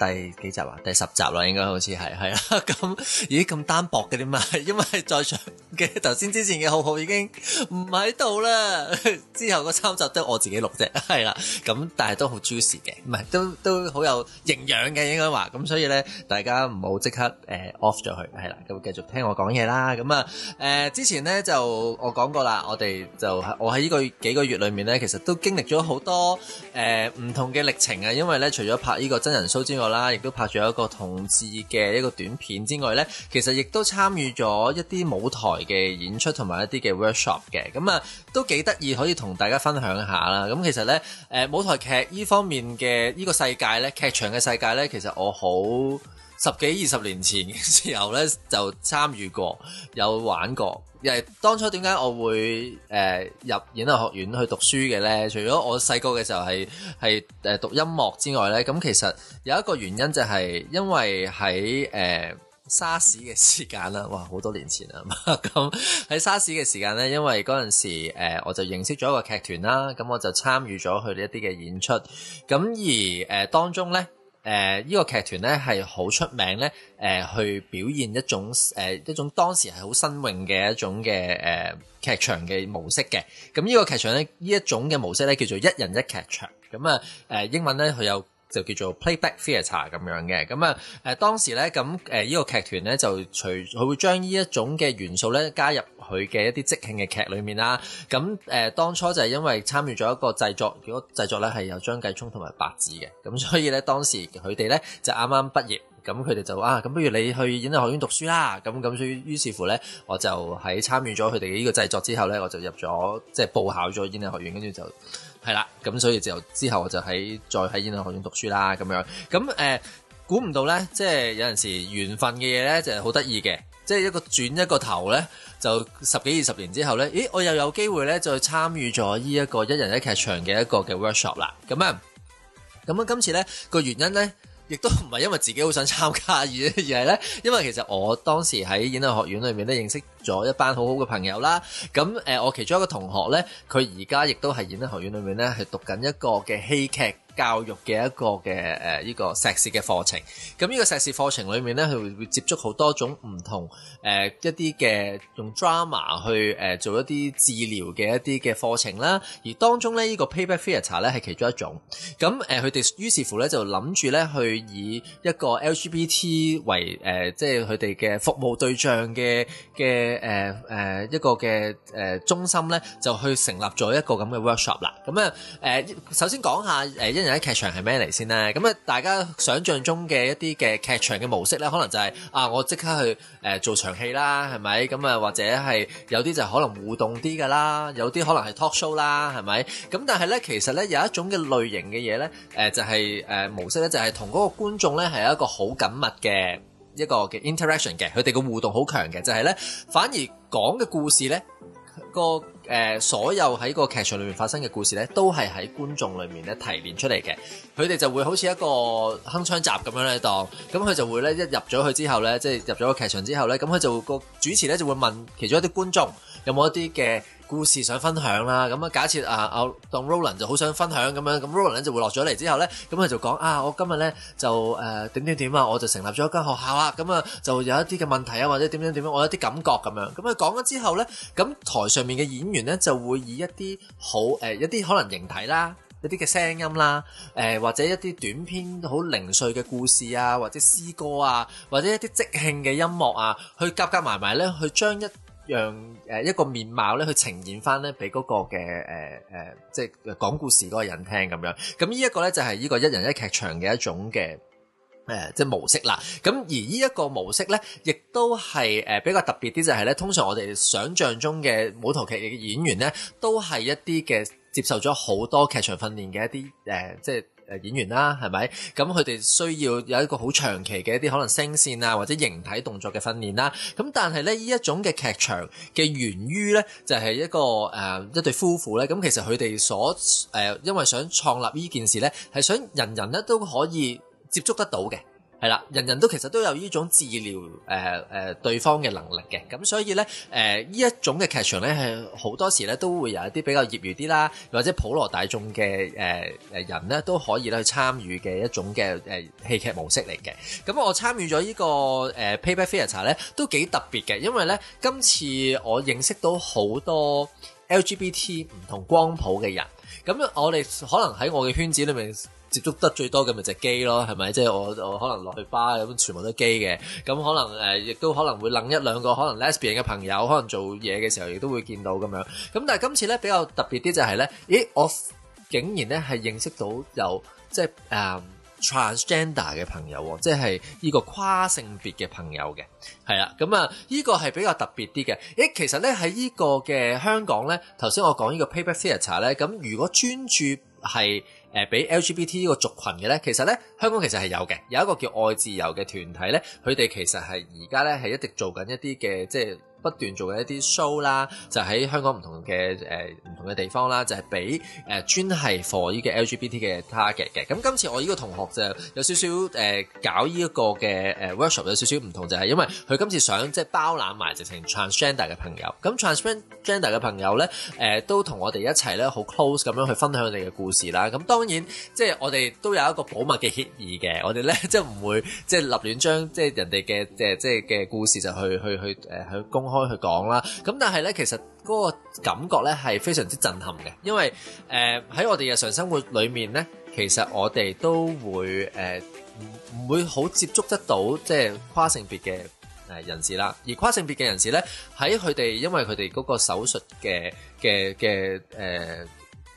第幾集啊？第十集啦，應該好似係係啊。咁、嗯、咦咁單薄嘅點啊？為 因為在場嘅頭先之前嘅浩浩已經唔喺度啦。 之後個三集得我自己錄啫，係啦。咁、嗯、但係都好 juicy 嘅，唔係都都好有營養嘅，應該話咁所以咧，大家唔好即刻誒、呃、off 咗佢，係啦。咁繼續聽我講嘢啦。咁啊誒之前咧就我講過啦，我哋就我喺呢個幾個月裏面咧，其實都經歷咗好多誒唔、呃、同嘅歷程啊。因為咧，除咗拍呢個真人 show 之外，啦，亦都拍咗一個同志嘅一個短片之外呢，其實亦都參與咗一啲舞台嘅演出同埋一啲嘅 workshop 嘅，咁啊都幾得意，可以同大家分享下啦。咁、嗯、其實呢，誒、呃、舞台劇呢方面嘅呢個世界呢，劇場嘅世界呢，其實我好，十幾二十年前嘅時候咧，就參與過，有玩過。誒，當初點解我會誒、呃、入演藝學院去讀書嘅咧？除咗我細個嘅時候係係誒讀音樂之外咧，咁其實有一個原因就係因為喺誒、呃、沙士嘅時間啦。哇，好多年前啦，咁 喺、嗯、沙士嘅時間咧，因為嗰陣時誒、呃、我就認識咗一個劇團啦，咁我就參與咗佢哋一啲嘅演出。咁而誒、呃、當中咧。誒，呢個劇團咧係好出名咧，誒，去表現一種誒一種當時係好新穎嘅一種嘅誒劇場嘅模式嘅。咁呢個劇場咧，呢一種嘅模式咧叫做一人一劇場。咁啊，誒英文咧佢有。就叫做 Playback Theatre 咁樣嘅，咁、嗯、啊，誒、呃、當時咧，咁誒呢個劇團咧就除佢會將呢一種嘅元素咧加入佢嘅一啲即興嘅劇裏面啦。咁、嗯、誒、呃、當初就係因為參與咗一個製作，如果製作咧係有張繼聰同埋白紙嘅，咁、嗯、所以咧當時佢哋咧就啱啱畢業，咁佢哋就啊，咁不如你去演藝學院讀書啦。咁、嗯、咁，所以於是乎咧，我就喺參與咗佢哋呢個製作之後咧，我就入咗即係報考咗演藝學院，跟住就。係啦，咁所以就之後我就喺再喺演藝學院讀書啦，咁樣咁誒，估唔、呃、到呢，即係有陣時緣分嘅嘢呢，就係好得意嘅，即係一個轉一個頭呢，就十幾二十年之後呢，咦，我又有機會呢，就參與咗呢一個一人一劇場嘅一個嘅 workshop 啦，咁啊，咁啊，今次呢個原因呢，亦都唔係因為自己好想參加，而而係呢，因為其實我當時喺演藝學院裡面都認識咗一班好好嘅朋友啦，咁誒我其中一個同學咧，佢而家亦都係演藝學院裏面咧，係讀緊一個嘅戲劇教育嘅一個嘅誒呢個碩士嘅課程。咁呢個碩士課程裏面咧，佢會接觸好多種唔同誒、呃、一啲嘅用 drama 去誒、呃、做一啲治療嘅一啲嘅課程啦。而當中咧呢、呢個 playback theatre 咧係其中一種，咁誒佢哋於是乎咧就諗住咧去以一個 LGBT 為誒、呃、即係佢哋嘅服務對象嘅嘅，嘅誒、呃、一個嘅誒、呃呃、中心咧，就去成立咗一個咁嘅 workshop 啦。咁啊誒，首先講下誒一人一劇場係咩嚟先咧？咁啊，大家想象中嘅一啲嘅劇場嘅模式咧，可能就係、是、啊，我即刻去誒、呃、做場戲啦，係咪？咁啊，或者係有啲就有可能互動啲噶啦，有啲可能係 talk show 啦，係咪？咁但係咧，其實咧有一種嘅類型嘅嘢咧，誒、呃、就係、是、誒、呃、模式咧，就係同嗰個觀眾咧係一個好緊密嘅。一個嘅 interaction 嘅，佢哋嘅互動好強嘅，就係咧，反而講嘅故事咧個。誒所有喺個劇場裏面發生嘅故事咧，都係喺觀眾裏面咧提煉出嚟嘅。佢哋就會好似一個鏗鏘集咁樣咧當，咁佢就會咧一入咗去之後咧，即係入咗個劇場之後咧，咁佢就個主持咧就會問其中一啲觀眾有冇一啲嘅故事想分享啦。咁啊，假設啊，阿當 Roland 就好想分享咁樣，咁 Roland 咧就會落咗嚟之後咧，咁佢就講啊，我今日咧就誒點點點啊，我就成立咗一間學校啦。咁啊，就有一啲嘅問題啊，或者點點點樣，我有啲感覺咁樣。咁佢講咗之後咧，咁台上面嘅演員。咧就會以一啲好誒、呃、一啲可能形體啦，一啲嘅聲音啦，誒、呃、或者一啲短篇好零碎嘅故事啊，或者詩歌啊，或者一啲即興嘅音樂啊，去夾夾埋埋咧，去將一樣誒、呃、一個面貌咧，去呈現返咧，俾嗰個嘅誒誒，即係講故事嗰個人聽咁樣。咁、這個、呢一個咧就係、是、呢個一人一劇場嘅一種嘅。誒，即模式啦。咁而呢一個模式呢，亦都係誒、呃、比較特別啲、就是，就係呢通常我哋想象中嘅舞台劇嘅演員呢，都係一啲嘅接受咗好多劇場訓練嘅一啲誒、呃，即係演員啦、啊，係咪？咁佢哋需要有一個好長期嘅一啲可能聲線啊，或者形體動作嘅訓練啦、啊。咁但係呢，呢一種嘅劇場嘅源於呢，就係、是、一個誒、呃、一對夫婦呢。咁、嗯、其實佢哋所誒、呃，因為想創立呢件事呢，係想人人呢都可以，接觸得到嘅係啦，人人都其實都有呢種治療誒誒、呃呃、對方嘅能力嘅，咁所以咧誒呢、呃、一種嘅劇場咧係好多時咧都會有一啲比較業餘啲啦，或者普羅大眾嘅誒誒人咧都可以咧去參與嘅一種嘅誒、呃、戲劇模式嚟嘅。咁、嗯、我參與咗、這個呃、呢個誒 Playback Theatre 咧都幾特別嘅，因為咧今次我認識到好多 LGBT 唔同光譜嘅人，咁、嗯、我哋可能喺我嘅圈子裏面。接觸得最多嘅咪就基咯，係咪？即係我我可能落去 bar 咁，全部都基嘅。咁可能誒、呃，亦都可能會撚一兩個可能 lesbian 嘅朋友，可能做嘢嘅時候亦都會見到咁樣。咁但係今次咧比較特別啲就係、是、咧，咦我竟然咧係認識到有即係誒、um, transgender 嘅朋友，即係呢個跨性別嘅朋友嘅，係啦。咁啊呢、這個係比較特別啲嘅。咦，其實咧喺呢個嘅香港咧，頭先我講呢個 paper theatre e 咧，咁如果專注係。誒俾、呃、LGBT 呢個族群嘅咧，其實咧香港其實係有嘅，有一個叫愛自由嘅團體咧，佢哋其實係而家咧係一直做緊一啲嘅即係。不斷做嘅一啲 show 啦、呃，就喺香港唔同嘅誒唔同嘅地方啦，就係俾誒專係 for 呢個 LGBT 嘅 target 嘅。咁今次我呢個同學就有少少誒、呃、搞呢一個嘅誒 workshop，有少少唔同就係、是、因為佢今次想即係包攬埋直情 transgender 嘅朋友。咁 transgender 嘅朋友咧誒、呃、都同我哋一齊咧好 close 咁樣去分享你嘅故事啦。咁當然即係我哋都有一個保密嘅協議嘅，我哋咧即係唔會即係立亂將即係人哋嘅即係即係嘅故事就去去去誒去，去公開去講啦，咁但係咧，其實嗰個感覺咧係非常之震撼嘅，因為誒喺、呃、我哋日常生活裏面咧，其實我哋都會誒唔唔會好接觸得到即係、就是、跨性別嘅誒人士啦，而跨性別嘅人士咧喺佢哋因為佢哋嗰個手術嘅嘅嘅誒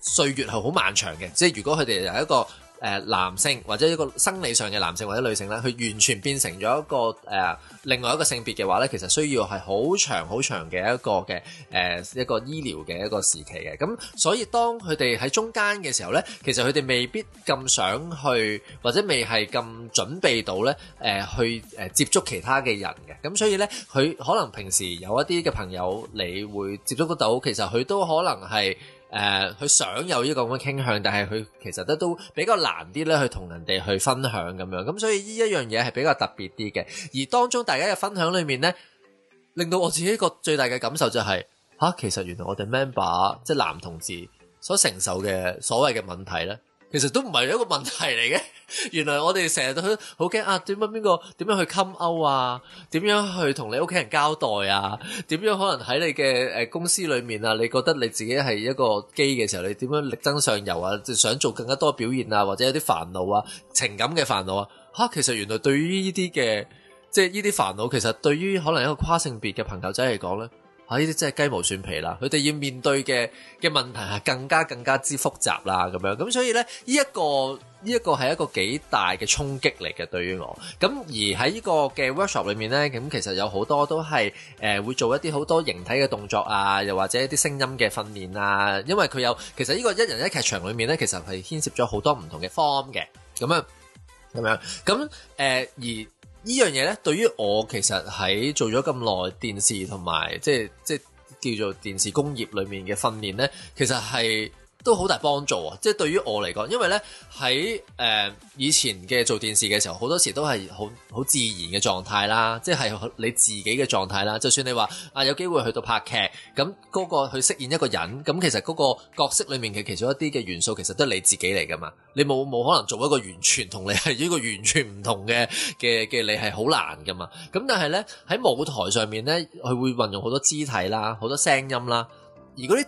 歲月係好漫長嘅，即係如果佢哋係一個。誒男性或者一個生理上嘅男性或者女性咧，佢完全變成咗一個誒、呃、另外一個性別嘅話咧，其實需要係好長好長嘅一個嘅誒、呃、一個醫療嘅一個時期嘅。咁所以當佢哋喺中間嘅時候咧，其實佢哋未必咁想去或者未係咁準備到咧誒、呃、去誒接觸其他嘅人嘅。咁所以咧，佢可能平時有一啲嘅朋友，你會接觸得到，其實佢都可能係。誒，佢、呃、想有呢個咁嘅傾向，但係佢其實咧都比較難啲咧，去同人哋去分享咁樣，咁所以呢一樣嘢係比較特別啲嘅。而當中大家嘅分享裏面呢，令到我自己一個最大嘅感受就係、是、嚇、啊，其實原來我哋 member 即係男同志所承受嘅所謂嘅問題咧。其實都唔係一個問題嚟嘅。原來我哋成日都好驚啊，點解邊個點樣去 come out 啊？點樣去同你屋企人交代啊？點樣可能喺你嘅誒公司裏面啊？你覺得你自己係一個基嘅時候，你點樣力爭上游啊？即係想做更加多表現啊？或者有啲煩惱啊？情感嘅煩惱啊？吓，其實原來對於呢啲嘅，即係呢啲煩惱，其實對於可能一個跨性別嘅朋友仔嚟講咧。啊！呢啲真係雞毛蒜皮啦，佢哋要面對嘅嘅問題係更加更加之複雜啦，咁樣咁所以呢，呢、這個這個、一個呢一個係一個幾大嘅衝擊嚟嘅對於我。咁而喺呢個嘅 workshop 裏面呢，咁其實有好多都係誒、呃、會做一啲好多形體嘅動作啊，又或者一啲聲音嘅訓練啊。因為佢有其實呢個一人一劇場裏面呢，其實係牽涉咗好多唔同嘅 form 嘅，咁樣咁樣咁誒、呃、而。呢樣嘢咧，對於我其實喺做咗咁耐電視同埋，即係即係叫做電視工業裏面嘅訓練咧，其實係。都好大幫助啊！即係對於我嚟講，因為呢喺誒、呃、以前嘅做電視嘅時候，好多時都係好好自然嘅狀態啦，即係你自己嘅狀態啦。就算你話啊有機會去到拍劇，咁嗰個去飾演一個人，咁其實嗰個角色裡面嘅其中一啲嘅元素，其實都係你自己嚟㗎嘛。你冇冇可能做一個完全同你係一個完全唔同嘅嘅嘅你係好難㗎嘛？咁但係呢，喺舞台上面呢，佢會運用好多肢體啦，好多聲音啦，而嗰啲。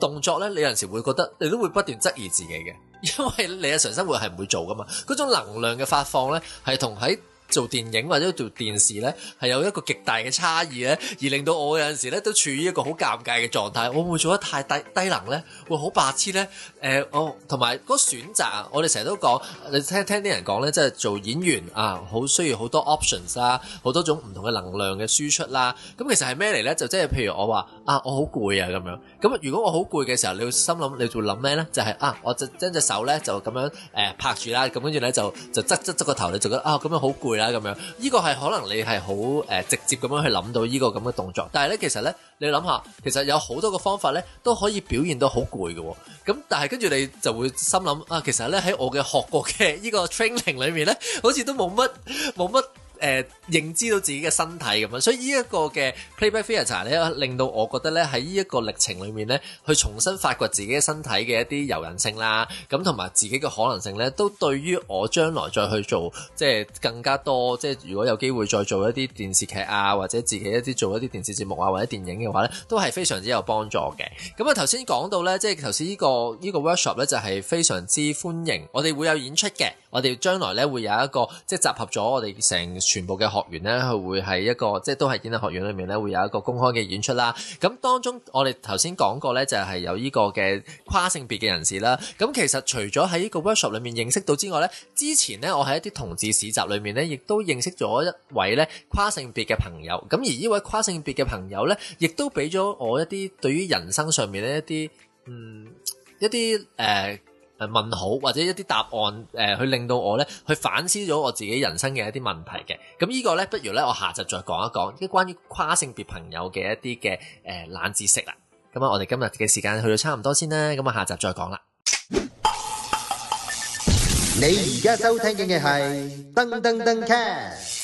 動作咧，你有陣時會覺得，你都會不斷質疑自己嘅，因為你日常生活係唔會做噶嘛，嗰種能量嘅發放咧，係同喺。做電影或者做電視咧，係有一個極大嘅差異咧，而令到我有陣時咧都處於一個好尷尬嘅狀態，我會唔會做得太低低能咧？會好白痴咧？誒我同埋個選擇啊，我哋成日都講，你聽聽啲人講咧，即係做演員啊，好需要好多 options 啊，好多種唔同嘅能量嘅輸出啦。咁其實係咩嚟咧？就即係譬如我話啊，我好攰啊咁樣。咁如果我好攰嘅時候，你會心諗你會諗咩咧？就係啊，我就將隻手咧就咁樣誒拍住啦。咁跟住咧就就側側側個頭，你就覺得啊，咁樣好攰。啦，咁樣，呢個係可能你係好誒直接咁樣去諗到呢個咁嘅動作，但係咧其實咧，你諗下，其實有好多個方法咧都可以表現到好攰嘅，咁但係跟住你就會心諗啊，其實咧喺我嘅學過嘅呢個 training 裏面咧，好似都冇乜冇乜。誒、呃、認知到自己嘅身體咁樣，所以呢一個嘅 Playback Theatre 咧，令到我覺得咧喺呢一個歷程裏面咧，去重新發掘自己嘅身體嘅一啲柔韌性啦，咁同埋自己嘅可能性咧，都對於我將來再去做即係更加多，即係如果有機會再做一啲電視劇啊，或者自己一啲做一啲電視節目啊，或者電影嘅話咧，都係非常之有幫助嘅。咁啊，頭先講到咧，即係頭先呢個呢、呢個 workshop 咧，就係非常之歡迎，我哋會有演出嘅。我哋將來咧會有一個，即係集合咗我哋成全部嘅學員咧，佢會喺一個，即係都係演藝學院裏面咧，會有一個公開嘅演出啦。咁當中我哋頭先講過咧，就係有呢個嘅跨性別嘅人士啦。咁其實除咗喺呢個 workshop 裏面認識到之外咧，之前咧我喺一啲同志市集裏面咧，亦都認識咗一位咧跨性別嘅朋友。咁而呢位跨性別嘅朋友咧，亦都俾咗我一啲對於人生上面咧一啲，嗯，一啲誒。呃誒問好或者一啲答案誒，去令到我呢，去反思咗我自己人生嘅一啲問題嘅。咁呢個呢，不如呢，我下集再講一講啲關於跨性別朋友嘅一啲嘅誒冷知識啦。咁啊，我哋今日嘅時間去到差唔多先啦。咁啊，下集再講啦。你而家收聽緊嘅係噔噔噔 c